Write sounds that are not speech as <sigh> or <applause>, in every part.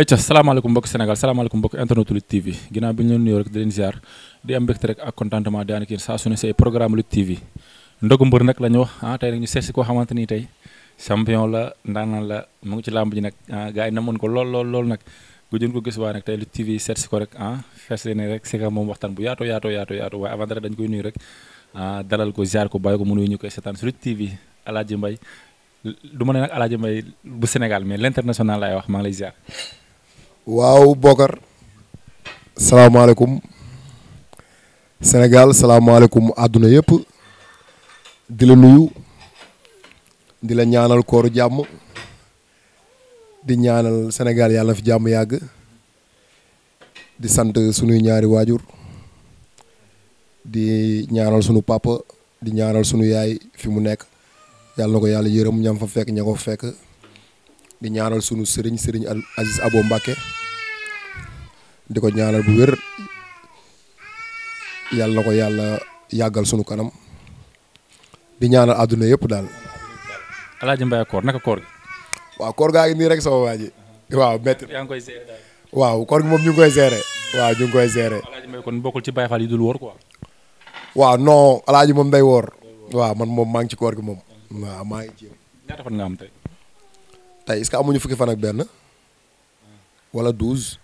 ayca salaamaaleykum mbokk Sénégal salaamaaleykum mbokk internet Lutte TV ginnaaw bi ñu leen nuyoo rek di leen ziar di am mbégte rek ak contentement di ànd ak su ay programme Lutte TV ndogu mbër nag la ñu wax ah tey nag ñu seet si koo xamante ni tey champion la ndaanaan la mu ngi ci làmb ji nag ah yi yi namoon ko lool lool lool nag gëjoon ko gis waaye nag tey Lutte TV seet si ko rek ah fees leen rek moom waxtaan bu yaatoo yaato yaatoo yaatoo waaye avant dara koy nuyu rek ah ko ziar ko bàyyi ko mu nuyu ñu koy si Lutte TV Alaaji Mbay du ma ne nag Alaaji Mbay bu Sénégal mais l'international laay wax maa ngi lay waaw Bokar senegal Sénégal salaamaaleykum àdduna yëpp di la nuyu di la ñaanal kooru jàmm di ñaanal senegal yàlla fi jàmm yàgg di sant sunuy ñaari waajur di ñaanal sunu papa di ñaanal sunu yaay fi mu nekk yàlla na ko yàlla yërëm ñam fa fekk ña ko fekk di ñaanal sunu sëriñ sëriñ al Aziz Abo di ko ñaanal bu wér yàlla na ko yàlla yàggal sunu kanam di ñaanal àdduna yëpp daal. Alaaji Mbaye koor naka koor gi. waaw koor gaa ngi nii rek sama waa waaw métti yaa ngi koy koor gi moom ñu koy seere. waaw ñu koy seere. Alaaji kon bokkul ci Baye Fall yi dul woor quoi. waaw non Alaaji moom day woor. waaw man moom maa ngi ci koor gi moom. waaw maa ngi ci. am tey est-ce que amuñu fukki fan ak benn wala douze.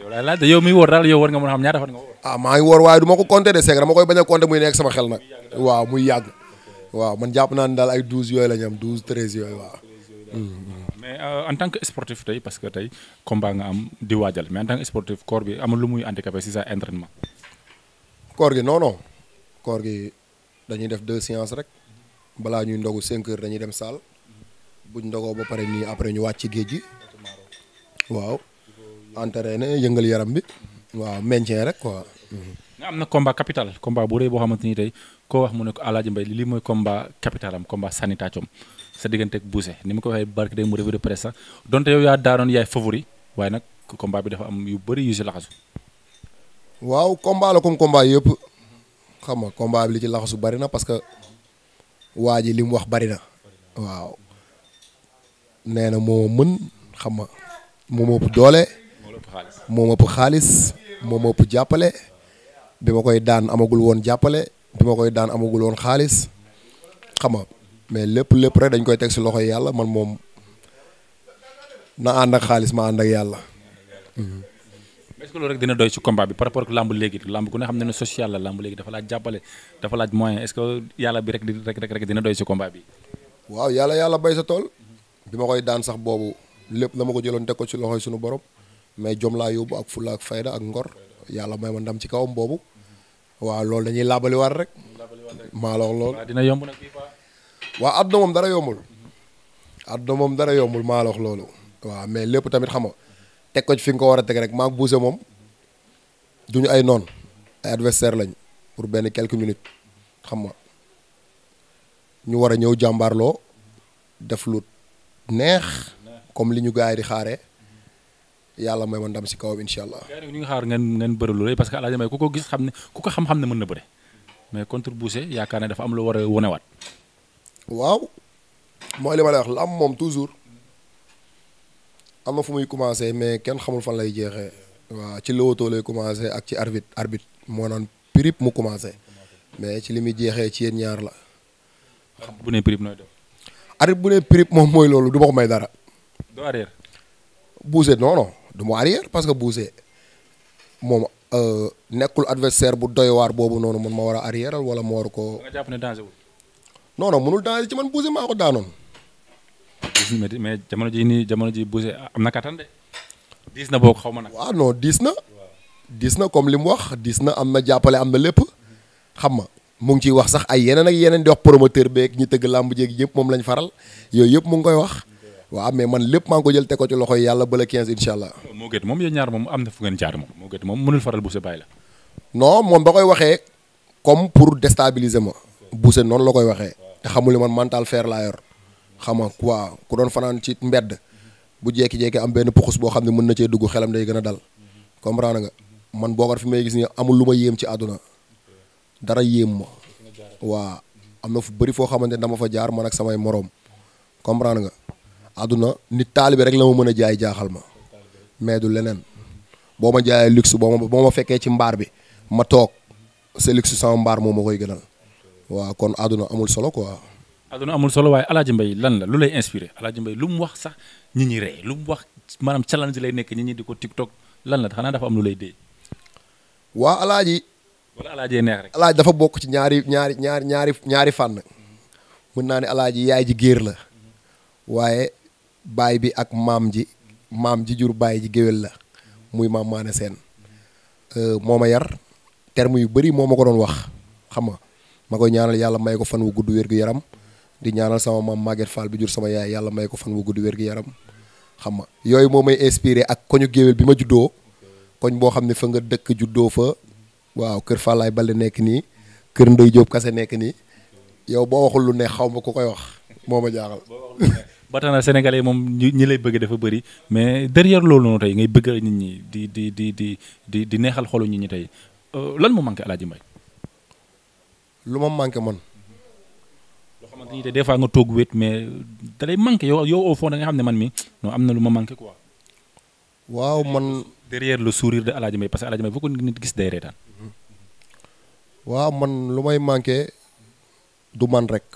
yow daal yow miy woor daal yow war nga mën a xam ñaata fan nga woor. Ah, maa ngi woor waaye du ma ko compter de c'est que dama koy bañ a muy nekk sama xel nag. waa muy yàgg. waaw man jàpp naa ne daal ay douze yooyu la ñu am douze treize yooyu waaw. mais euh, en tant que sportif tey parce que tey combat nga am di waajal mais en tant que sportif corps bi amul lu muy handicapé si sa entraînement. koor gi non non gi dañuy def deux séances rek balaa ñuy ndogu cinq dañuy dem salle. buñ ndogoo ba pare nii après ñu wàcc ci géej gi waaw entraîné yëngal yaram bi waaw maintien rek quoi. nga am na combat capital combat bu rëy boo xamante ni tey koo wax mu ne ko Aladji mbay lii mooy combat capital am combat sanitacoom sa diggante ak ni ma ko waxee barke de mu revue de presse sax donte yow yaa daanoon yaay favori waaye nag combat bi dafa am yu bëri yu si laxasu. waaw combat la comme combat yëpp xam nga combat bi li ci laxasu bari na parce que waa ji li wax bari na nee na moo mën xam nga moo ëpp doole. moo ëpp xaalis moo ëpp jàppale. bi ma koy daan amagul woon jàppale. bi ma daan amagul xaalis. xam nga mais lépp lépp rek dañ koy teg si loxo yàlla man moom na ànd ak xaalis ma ànd ak yàlla. Mm-hmm. est-ce que loolu ci combat par rapport làmb léegi làmb ku ne xam ne ne social la làmb léegi dafa laaj jàppale dafa laaj moyen est-ce que yàlla bi rek di rek rek dina doy ci combat bi. waaw yàlla yàlla bay sa tool bi ma koy daan sax boobu lépp ma ko jëloon teg ko ci loxoy sunu borom mais jom laa yóbbu ak fulla ak fayda ak ngor yàlla may ma ndam ci kawam boobu waaw loolu dañuy laabali war rek maa loolu dina yomb nag waaw àdduna moom dara yombul àdduna moom dara yombul loolu waaw mais lépp tamit xam nga teg ko ci fi nga ko war a teg rek maak buuse moom duñu ay noon ay adversaire lañ pour benn quelques minutes xam nga ñu war a ñëw jàmbaarloo def lu neex comme li ñu gaa yi di xaaree yàlla mooy ma ndam si kaw incha allah. ñu ngi xaar ngeen ngeen bëri loolu parce que El Hadj Mbaye ku ko gis xam ne ku ko xam-xam ne mën na bëre mais contre Boucher yaakaar ne dafa am lu war a wonewaat. waaw mooy li ma lay wax la am moom toujours am na fu muy commencé mais kenn xamul fan lay jeexee. waaw ci lowoto lay commencé ak ci arbitre arbitre moo naan prip mu commencé mais ci li muy jeexee ci yéen ñaar la. bu ne prip nooy def. arbitre bu dee prip moom mooy loolu du ma ko may dara. doo arrière. Boucher non non du ma arrière parce que Boucher moom euh, nekkul adversaire bu doy waar boobu noonu man ma war a arrière wala ma war ko. nga jàpp ne danger wul. non non mënul danger ci man Boucher maa ko daanoon. mais jamono ji nii jamono ji Boucher am na kattan de. diis na boog xaw ma nag. waaw diis na. diis na comme li mu wax diis na am na jàppale am na lépp. xam ma mu ngi ciy wax sax ay yeneen ak yeneen di wax promoteur beeg ñi tëgg làmb jeeg yëpp moom lañ faral yooyu yëpp mu ngi koy wax waaw mais man lépp maa ngi ko jël te ko ci loxo yàlla bala 15 incha allah. moo gët moom yéen ñaar moom am na fu ngeen jaar moom la. non moom da koy waxee comme pour déstabiliser ma Bousse noonu la koy waxee te xamul man mantaal fer laa yor xam nga quoi ku doon fanaan ci mbedd bu jekki jékki am benn puxus boo xam ne mën na cee dugg xelam day gën a dal comprendre nga man boogar fi may gis ni amul lu ma yéem ci àdduna dara yéem ma waa am na fu bëri foo xamante ne dama fa jaar man ak samay moroom comprendre nga àdduna nit taalibe rek la ma mën a jaay jaaxal ma mais du leneen boo ma jaayee luxe boo ma boo fekkee ci mbaar bi ma toog sa luxe sama mbaar moom ma koy gënal waaw kon àdduna amul solo quoi. àdduna amul solo waaye Alaaji mbay lan la lu lay inspiré Alaaji mbay lu mu wax sax ñi ñi ree lu mu wax maanaam challenge lay nekk ñi ñi di ko TikTok lan la xanaa dafa am lu lay dee. wala alaajee neex rek alaaj dafa bokk ci ñaari ñaari ñaari ñaari ñaari fànn mën naa ne alaaji yaay ji géer la waaye baay bi ak maam ji maam ji jur baay ji géwél la muy maam maane seen euh, moo ma yar terme yu bari moo ma ko doon wax xam nga ma koy ñaanal yàlla may ko fan wu gudd wér yaram di ñaanal sama maam Maguette Fall bi jur sama yaay yàlla may ko fan wu gudd wér yaram xam nga yooyu moo may inspiré ak koñu géwél bi ma juddoo koñ boo xam ne fa nga dëkk juddoo fa waaw kër Fallaye Baldé nekk nii kër Ndeye Diop kase nekk nii yow boo waxul lu ne xaw ma ku koy wax moo ma jaaxal. ba tax na yi moom ñi lay bëgg dafa bëri mais derrière loolu noonu tey ngay bëgg nit ñi di di di di di di neexal xolu nit ñi tey euh, lan mu manqué Aladji Mbaye. lu ma manqué man. loo xamante ni des fois nga toog wéet mais da lay yow yow au da nga xam ne man mi non am na lu ma manqué quoi. waaw man. derrière le sourire de El Hadj Mbaye parce que El Hadj Mbaye foo ko nit gis day reetaan. waaw man lu may manqué du man rek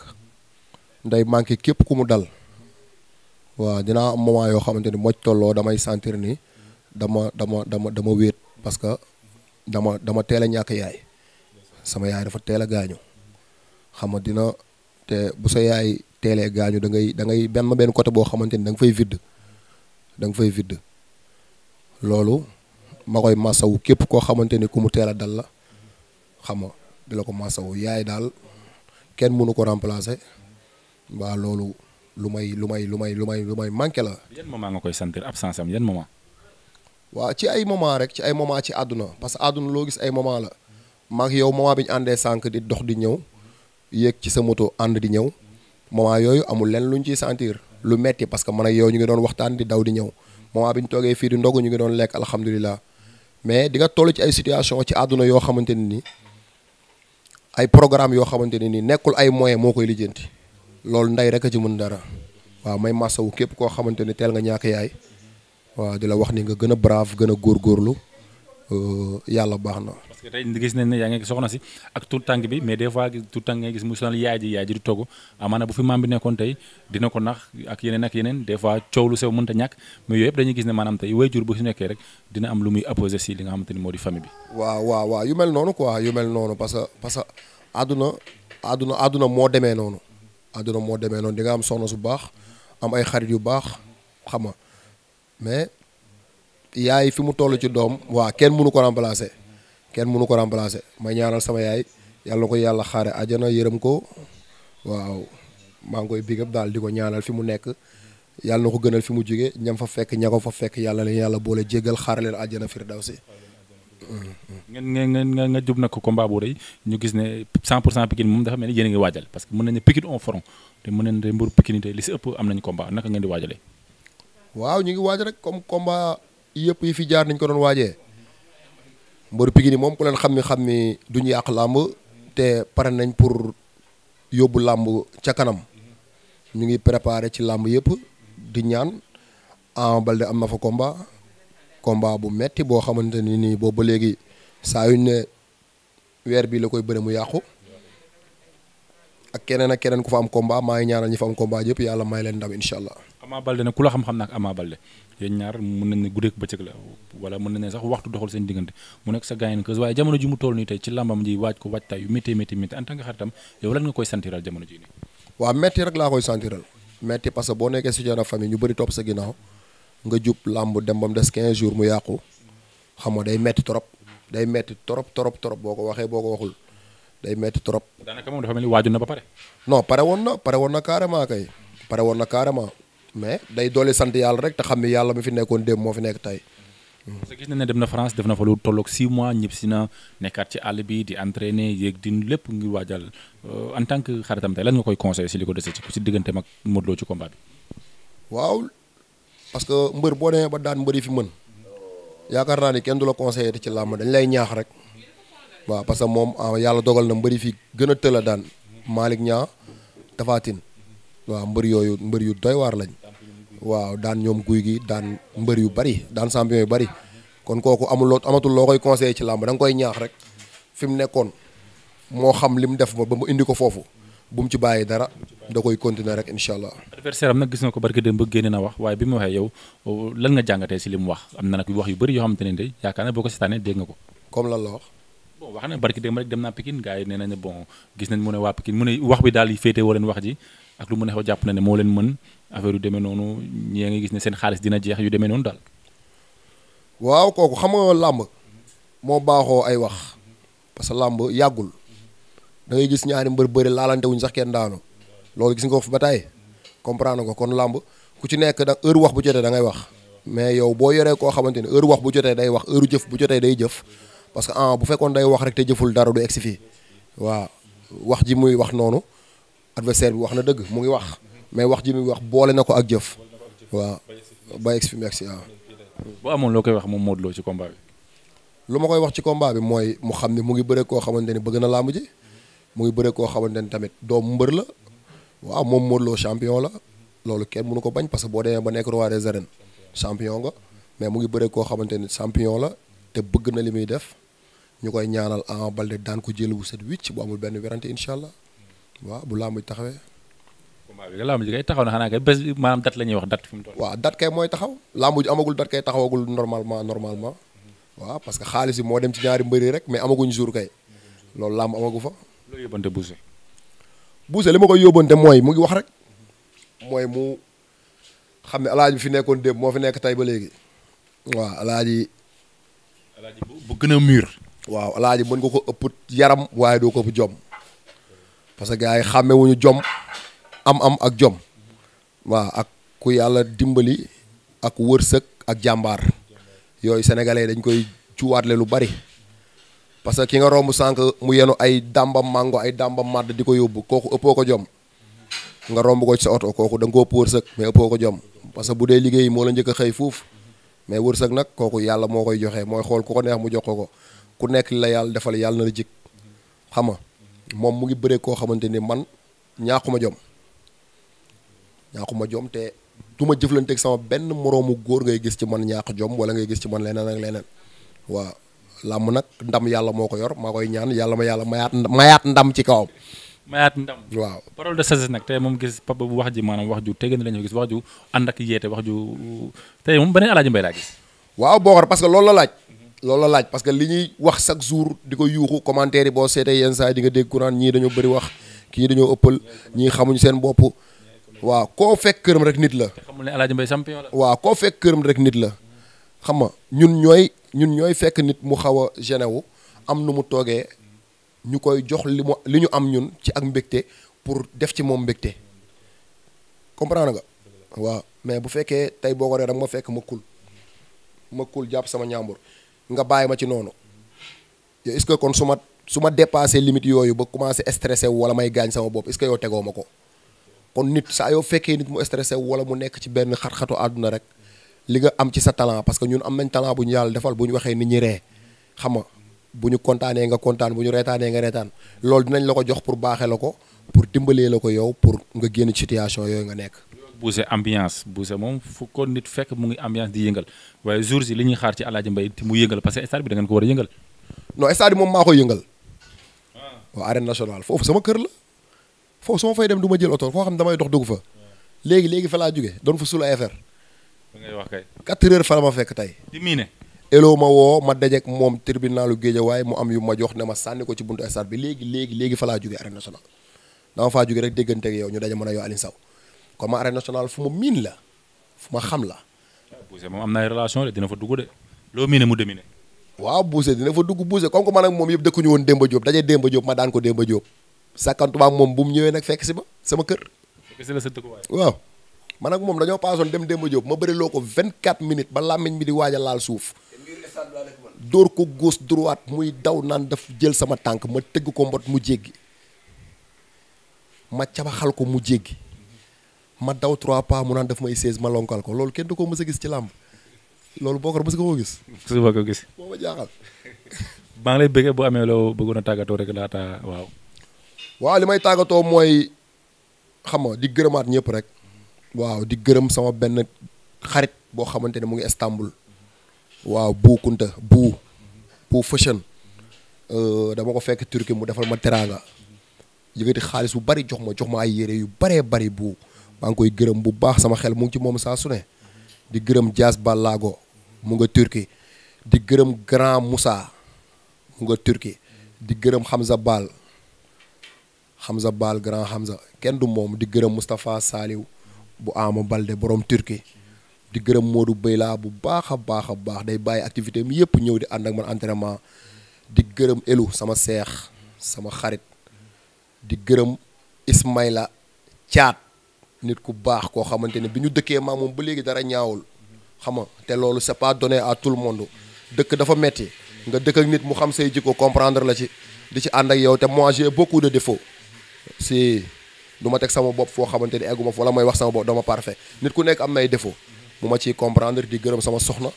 nday manqué képp ku mu dal waaw dinaa am moment yoo xamante ni moj tolloo damay sentir ni dama dama dama dama wéet parce que dama dama teel a ñàkk yaay sama yaay dafa teel a gaañu xam nga dina te bu sa yaay teelee gaañu da ngay da ngay benn benn côté boo xamante ni da nga fay vidd da nga fay vidd. loolu ma koy masawu képp koo xamante ni ku mu teel a dal la xam nga di la ko masawu yaay daal kenn mënu ko remplacer waa loolu lu may lu may lu may lu may lu may manqué la. yan moment nga koy sentir absence am yan moment. waaw ci ay moment rek ci ay moment ci àdduna parce que àdduna loo gis ay moment la maag yow moment bi ñu àndee sànq di dox di ñëw yéeg ci sa moto ànd di ñëw moment yooyu amul lenn luñ ci sentir lu metti parce que man yow ñu ngi doon waxtaan di daw di ñëw. moment bi ñu toogee fii di ndogu ñu ngi doon lekk alhamdulilah mais di nga toll ci ay situation ci àdduna yoo xamante ne ni ay programme yoo xamante ne ni nekkul ay moyen moo koy lijjanti loolu ndey rek a ci mën dara waaw may wu képp koo xamante ni teel nga ñàkk yaay waaw di la wax ni nga gën a brave gën a góorlu euh, yàlla baax na tey gis nañ ne yaa ngi soxna si ak tuut tànk bi mais des fois tuut tànk ngay gis mu sonal yaay ji yaay ji di togg amaana bu fi maam bi nekkoon tey dina ko nax ak yeneen ak yeneen des fois coow lu sew mënta ñàkk mais yooyu yëpp dañuy gis ne maanaam tey waajur bu si nekkee rek dina am lu muy apposé si li nga xamante ni moo di famille bi waaw waaw waaw yu mel noonu quoi yu mel noonu parce que parce que àdduna àdduna àdduna moo demee noonu àdduna moo demee noonu di nga am soxna su baax am ay xarit yu baax xam nga mais yaay fi mu toll ci doom waa kenn mënu ko remplacer kenn mënu ko remplacer may ñaanal sama yaay yàlla ko yàlla xaare ajana yërëm ko waaw maa ngi koy big daal di ko ñaanal fi mu nekk yàlla na ko gënal fi mu jóge ñam fa fekk ña ko fa fekk yàlla leen yàlla boole jéggal xaare leen ajana firdawsi ngeen nga nga jub na ko combat bu ñu gis ne 100 pour cent Pikine moom dafa mel ni ngi waajal parce que mën nañu Pikine en front te mën nañu mburu Pikine li si ëpp am nañu combat naka ngeen di waajalee waaw ñu ngi waaj rek comme combat yëpp yi fi jaar nañ ko doon waajee mbëru Pikine moom ku leen xam ni xam ni duñu yàq làmb te pare nañ pour yóbbu làmb ca kanam ñu ngi préparé ci làmb yëpp di ñaan Ama Baldé am na fa komba combat bu metti boo xamante ni nii boo ba léegi saa yuñ ne weer bi la koy bëre mu yàqu ak keneen ak keneen ku fa am combat maa ngi ñaanal ñi fa am combat yëpp yàlla may leen ndam incha allah. Ama Baldé nag ku la xam-xam nag Ama Baldé yéen ñaar mën nañ ne guddeeg bëccëg la wala mën nañ ne sax waxtu doxal seen diggante mu nekk sa gaañin kës waaye jamono ji mu toll nii tey ci làmbam ji waaj ko waajtaay yu métti métti métti en tant que xaritam yow lan nga koy santiral jamono boo nekkee soutien de famille ñu bëri topp sa ginnaaw nga jub làmb dem des 15 jours mu yàqu xam nga day metti trop day metti trop trop trop boo ko waxee boo ko waxul day metti trop daanaka moom dafa mel ni waaju na ba pare non pare woon na pare woon na carrément kay pare woon na carrément mais day doole sant yàlla rek te xam ni yàlla mi fi nekkoon démb moo fi nekk tey. parce que gis nañ ne dem na France def na fa lu tolloog 6 mois ñëpp na nekkaat ci àll bi di entraîner yéeg di lépp ngir waajal euh, en tant que xaritam tey lan nga koy conseillé si li ko dese ci si digganteem ak Modou Lo ci combat bi. waaw parce que mbër boo demee ba daan mbër yi fi mën yaakaar naa ni kenn du la conseillé ci làmb dañ lay ñaax rek waaw parce que moom ah, yàlla dogal na mbëri yi gën a tëla daan Malick Niang Tapha waaw mbër yooyu mbër yu doy waar lañ. waaw daan ñoom guy gi daan mbër yu bari daan champion yu bari kon kooku amuloo amatul loo koy conseillé ci làmb da koy ñaax rek fi mu nekkoon moo xam li mu def ba mu indi ko foofu bu mu ci bàyyi dara da koy continuer rek incha allah. adversaire am nag gis na ko barke dem ba génne na wax waaye bi mu waxee yow lan nga jàngatee si li mu wax am na nag wax yu bëri yoo xamante ne de yaakaar na boo ko seetaanee dégg nga ko. comme lan la wax. bon wax na barke ne bon gis nañ mu ne waa Pikine mu ne féete woo leen wax ak lu mën a xew jàpp na ne moo leen mën affaire yu demee noonu ñee ngi gis ne seen xaalis dina jeex yu demee noonu daal. waaw kooku xam nga làmb moo baaxoo ay wax parce que làmb yàggul da ngay gis ñaari mbër bëri laalante wuñ sax kenn daanu loolu gis nga ko fi ba tey comprendre ko kon làmb ku ci nekk da heure wax bu jotee da ngay wax mais yow boo yoree koo xamante ni heure wax bu jotee day wax heure jëf bu jotee day jëf parce que ah bu fekkoon day wax rek te jëful dara du egsi fii waaw wax ji muy wax noonu adversaire bi wax na dëgg mu ngi wax mais wax ji muy wax boole na ko ak jëf waaw ba egg fi merci waaw. bu amoon loo koy wax moom Modou Lo ci combat bi. lu ma koy wax ci combat bi mooy mu xam ne mu ngi bëre koo xamante ni bëgg na làmb ji mu ngi bëre koo xamante ni tamit doomu mbër la waaw moom Modou Lo champion la loolu kenn mënu ko bañ parce que boo demee ba nekk roi des arènes champion nga mais mu ngi bëre koo xamante ni champion la te bëgg na li muy def ñu koy ñaanal Ama Baldé daan ko jël bu set wicc bu amul benn werante incha allah. waaw bu làmb ji taxawee. combat bi nga làmb ji kay taxaw na xanaa kay bés maanaam date la ñuy wax dat fi mu toll. waaw date kay mooy taxaw làmb ji amagul date kay taxawagul normalement normalement waaw parce que xaalis yi moo dem ci ñaari mbëri rek mais amaguñ jour kay loolu làmb amagu fa. loolu yóbbante Boucher. Boucher li ma koy yóbbante mooy mu ngi wax rek mooy mu xam ne alaaji bi fi nekkoon démb moo fi nekk tey ba léegi. waaw alaaji. bu gën a mûr. waaw alaaji mën ko ko ëpp yaram waaye doo ko ëpp jom. parce que gars yi xàmmewuñu jom am-am ak jom waaw ak ku yàlla dimbali ak wërsëg ak jàmbaar yooyu sénégalais dañ koy cuwaatle lu bari parce que ki nga romb sànq mu yenu ay dàmbam mango ay dàmba màdd di ko yóbbu kooku ëppoo ko jom nga romb ko ci oto kooku da nga ko ëpp wërsëg mais ëppoo ko jom parce que bu dee liggéey moo la njëkk a xëy fuuf mais wërsëg nag kooku yàlla moo koy joxe mooy xool ku ko neex mu jox ko ko ku nekk la yàlla defal yàlla na la jik xam nga moom mu ngi bëree koo xamante ni man ma jom ma jom te du ma jëflanteeg sama benn moroomu góor ngay gis ci man ñaax jom wala ngay gis ci man leneen ak leneen waaw làmm nag ndam yàlla moo ko yor maa koy ñaan yàlla ma yàlla mayaat mayaat ndam ci kawam. mayaat ndam waaw. parole de sagesse nag tey moom gis papa bu wax ji maanaam wax ju tegg na la ñu gis wax ju ànd ak yeete wax ju tey moom beneen Aladji Mbaye laa gis. waaw boo parce que loolu la laaj. loolu la laaj parce que li ñuy wax chaque jour di ko yuuxu commentaire yi boo seetee yenn saa yi di nga dégg ku naan ñii dañoo bari wax kii dañoo ëppal ñii xamuñ seen bopp waaw koo fekk këram rek nit la. xamul ne El Hadj Mbaye champion la. waaw koo fekk këram rek nit la xam nga ñun ñooy ñun ñooy fekk nit mu xaw a gêné wu am nu mu toogee ñu koy jox li mu li ñu am ñun ci ak mbégte pour def ci moom mbégte comprendre nga. waaw mais bu fekkee tey boo ko dee rek ma fekk ma kul ma kul jàpp sama ñaambur. nga bàyyi ma ci noonu est-ce que kon su ma su ma dépassé limite yooyu ba commencé stressé wu wala may gaañ sama bopp est-ce que yow tegoo ma ko kon nit saa yoo fekkee nit mu stressé wu wala mu nekk ci benn xat-xatu àdduna rek li nga am ci sa talent parce que ñun am nañ talent bu ñu yàlla defal bu ñu waxee nit ñi ree xam nga bu ñu kontaanee nga kontaan bu ñu reetaanee nga reetaan loolu dinañ la ko jox pour baaxee la ko pour dimbalee la ko yow pour nga génn situation yooyu nga nekk. Boucher ambiance Boucher moom fu ko nit fekk mu ngi ambiance di yëngal waaye jours yi li ñuy xaar ci Aladji Mbaye te mu yëngal parce que bi da ngeen ko war a yëngal. non stade bi moom maa koy yëngal. Ah. waaw arène nationale foofu sama kër la foofu su ma fay dem du ma jël oto foo xam ne damay dox dugg fa. Ah. léegi dama faa jógee rek déggante yow ñu daje mën a yow Alioune comme ma arène nationale fu ma miin la fu ma xam la. Boucher moom am na relation de dina fa dugg de loo miine mu demine. waaw Boucher dina fa dugg Boucher comme que man ak moom yëpp dëkkuñu woon démba Diop daje Demba Diop ma daan ko Demba Diop sàkkantumaak moom mu ñëwee nag fekk si ma sama kër. fekk si la sa dëkkuwaay. waaw man ak moom dañoo paasoon dem Demba Diop ma bëri loo ko 24 minutes ba làmmiñ bi di waaj a laal suuf. dóor ko gauche droite muy daw naan daf jël sama tànk ma tëgg ko mbot mu jéggi ma cabaxal ko mu jéggi. ma daw trois pas mu naan daf may seize ma lonkal ko loolu kenn du ko mës gis ci làmb loolu boo ko mës nga ko gis. su ma ko gis. moo ma maa ngi lay bëggee bu amee loo bëggoon a tàggatoo rek laata waaw. waaw li may tàggatoo mooy xam nga di gërëmaat ñëpp rek. waaw di gërëm sama benn xarit boo xamante ne mu ngi Istanbul. waaw Bou Kounta Bou. Bou Fashion. Euh, dama ko fekk Turquie mu defal ma teraanga. yëkkati xaalis bu bari jox ma jox ma ay yére yu baree bari buu maa ngi koy gërëm bu baax sama xel mu ngi ci moom saa su ne di gërëm Dias Ballago mu nga turki di gërëm Grand Moussa mu nga turki di gërëm Hamza Baal Hamza Baal Grand Hamza kenn du moom di gërëm Moustapha Saliw bu Ama Balde borom Turquie di gërëm Modou Bayla bu baax a baax a baax day bàyyi activité am yëpp ñëw di ànd ak man entraînement di gërëm Elou sama seex sama xarit di gërëm Ismaïla Thiat nit ku baax koo xamante ne bi ñu dëkkee maam moom ba léegi dara ñaawul xam nga te loolu c'est pas donné à tout le monde dëkk dafa metti nga dëkk nit mu xam say jikko comprendre la ci di ci ànd ak yow te moi j'ai beaucoup de défauts si duma teg sama bopp foo xamante ni eggu ma fa wala mooy wax sama bopp dama parfait nit ku nekk am nay défauts mu ma ciy comprendre di gërëm sama soxna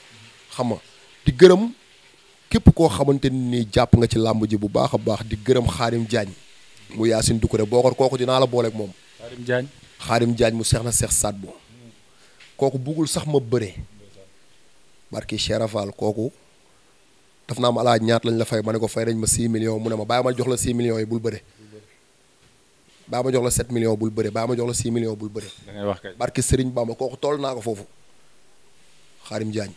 xam nga di gërëm képp koo xamante ni jàpp nga ci làmb ji bu baax a baax di gërëm Xaarim Diagne mu Yaasin Dukure boo ko kooku dinaa la booleeg moom. Xaarim xaarim jaañ mu seex na seex Sadbu kooku buggul sax ma bëre barki Cherafal kooku daf naa ma alaaj ñaat lañ la fay ma ne ko fay nañ ma 6 million mu ne ma bàyyi ma jox la 6 millions yi bul bëre bàyyi ma jox la set millions bul bëre bàyyi ma jox la 6 millions bul bëre. da ngay wax kay barki Serigne Bamba kooku toll naa ko foofu xaarim Diagne.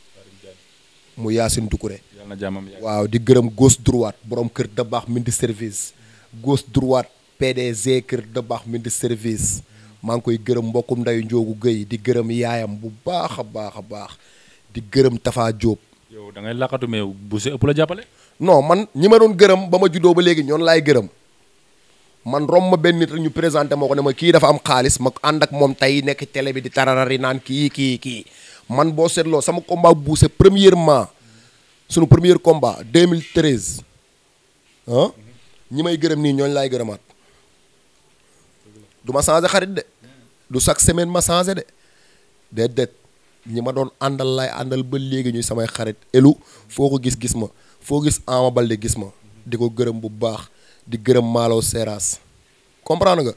mu Yaasin Dukure. yàlla na jàmmam waaw di gërëm gauche droite borom kër da baax mindi service. gauche droite PDG kër da baax mindi service. maa ngi koy gërëm mbokku ndeyu njoogu géy di gërëm yaayam bu baax a baax a baax di gërëm Tafa jóob yow da ngay laqatu mais bu si ëpp la jàppale. non man ñi ma doon gërëm ba ma juddoo ba léegi ñoon laay gërëm man rom ma benn nit rek ñu présenté moo ko ne ma kii dafa am xaalis ma ànd ak moom tey nekk télé bi di tararari naan kii kii kii man boo seetloo sama combat buuse premièrement sunu premier combat 2013 ah ñi may gërëm nii ñooñu laay gërëmaat du ma changé xarit de du chaque semaine ma changé de déedéet ñi ma doon àndal lay àndal ba léegi ñuy samay xarit elu foo ko gis gis ma foo gis Ama Baldé gis ma di ko gërëm bu baax di gërëm Malaw Seras comprendre nga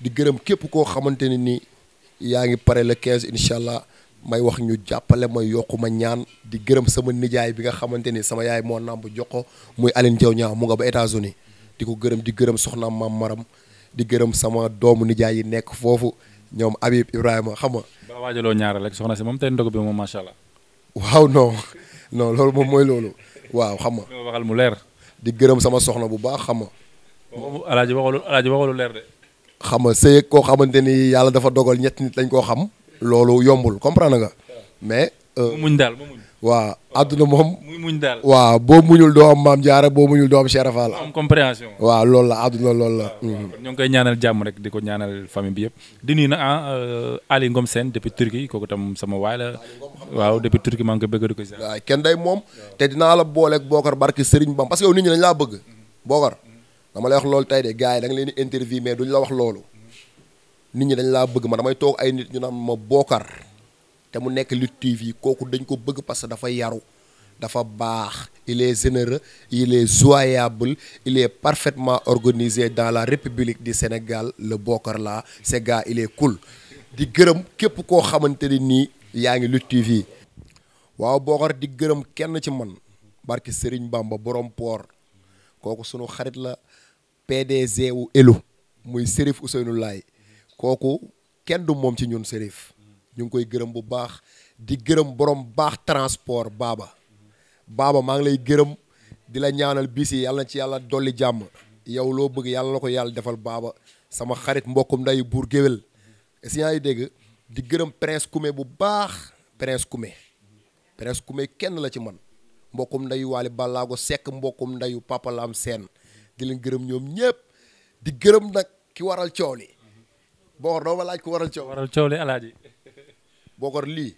di gërëm képp koo xamante ne ni yaa ngi pare la 15 incha allah may wax ñu jàppale ma yokk ma ñaan di gërëm sama nijaay bi nga xamante ni sama yaay moo nàmb jox ko muy Aline Diaw ñaaw mu nga ba États-Unis di ko gërëm di gërëm soxnaam maam maram di gërëm sama doomu nijaay yi nekk foofu ñoom Habib Ibrahima xam nga. ba waajaloo ñaar rek soxna si moom tey ndog bi moom macha allah. waaw non non loolu moom mooy loolu waaw xam mu leer. di gërëm sama soxna bu baax xam nga. alaaji waxalu alaaji waxalu leer de. xam nga sëy koo xamante ni yàlla dafa dogal ñetti nit lañ koo xam. loolu yombul comprendre nga. mais. Euh, waaw àdduna moom. muy muñ daal waaw boo muñul doo am maam jaara boo muñul doo am Cheikh Rafal. am compréhension. waaw loolu la àdduna loolu la. ñoo ngi koy ñaanal jàmm rek di ko ñaanal famille bi yëpp. di nuyu nag ah euh, Ali Ngom Sène depuis Turquie kooku tam sama waay la waaw depuis Turquie maa koy bëgg di ko. waaw kenn day moom te dinaa la booleeg Bokar barki Serigne Bam parce que yow nit ñi dañ laa bëgg. Bokar dama lay wax loolu tey de gars yi da leen di interview mais duñ la wax loolu. nit ñi dañ laa bëgg ma damay toog ay nit ñu naan ma Bokar. te mu nekk Lutte TV kooku dañ ko bëgg parce que dafa yaru dafa baax il est généreux il est joyable il parfaitement organisé dans la République di Sénégal le Bokar la ce gars il est di gërëm képp koo xamante ni nii yaa ngi Lutte TV waaw Bokar di gërëm kenn ci man barki Serigne Bamba borom Port kooku sunu xarit la PDG wu Elo muy Serif Ousseynou Laye kooku kenn du moom ci ñun Serif ñu ngi koy gërëm bu baax di gërëm borom baax transport baaba baaba maa ngi lay gërëm di la ñaanal bis yi yàlla na ci yàlla dolli jàmm yow loo bëgg yàlla la ko yàlla defal baaba sama xarit mbokkum nday buur géwél si yaa ngi dégg di gërëm prince Koumé bu baax prince Koumé prince Koumé kenn la ci man mbokkum ndayu waali ballaago sekk mbokkum ndayu papalaam seen di leen gërëm ñoom ñëpp di gërëm nag ki waral coow li boo doo ma laaj ko waral coow waral coow li bookor lii.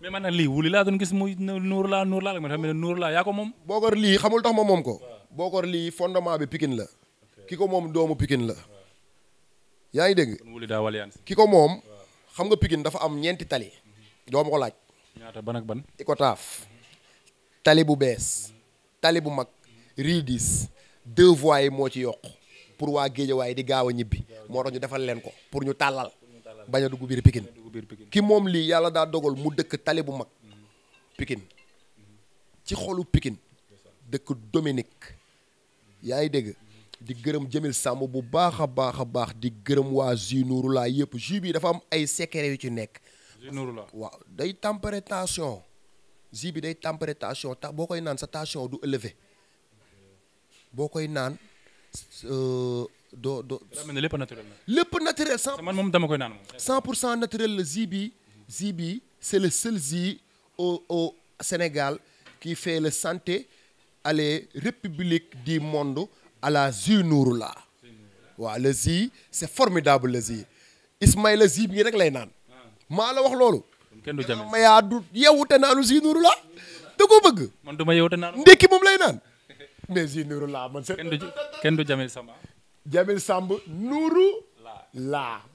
mais man nag lii wuli laa doon gis muy nuur laa nuur laa ma xam ne nuur laa yaa ko moom. bookor lii xamul tax ma moom ko. bookor lii fondement bi Pikine la. ki ko moom doomu pikin la. yaa ngi dégg ki ko moom xam nga Pikine dafa am ñeenti tali doomu ma ko laaj. ñaata ban ak ban. tali bu bees tali bu mag ridis deux voies yi moo ci yokk pour waa waaye di gaaw a ñibbi moo tax ñu defal leen ko pour ñu tàllal. bañ a dugg biir Pikine ki moom lii yàlla daa dogal mu dëkk tali bu mag Pikine ci xolu pikin dëkk dominik yaa ngi dégg di gërëm jëmil sàmm bu baax a baax a baax di gërëm waa Jus Nouroullah yëpp jus bi dafa am ay secret yu ci nekk waaw day tempéré tension jus bi day tempéré tension tax boo koy naan sa tension du élevé boo koy naan euh, doo doo. lépp naturel la. lépp naturel. man moom dama koy naan moom. 100 pour cent naturel la zi bi zi bi c' est le seul zi au au Sénégal qui fait la santé à les républiques du monde à la zi Nouroula. waaw le zi c' est formidable le zi Ismaïla zi bi rek lay naan. maa la wax loolu. kenn du jàmm mayaa du yeewu te naanu zi Nouroula da koo bëgg. man du ma yeewu te naanu ndekki moom lay naan. <laughs> mais zi Nouroula man. kenn du kenn du Jamil Samba. Jamil Samb Nuuru. laa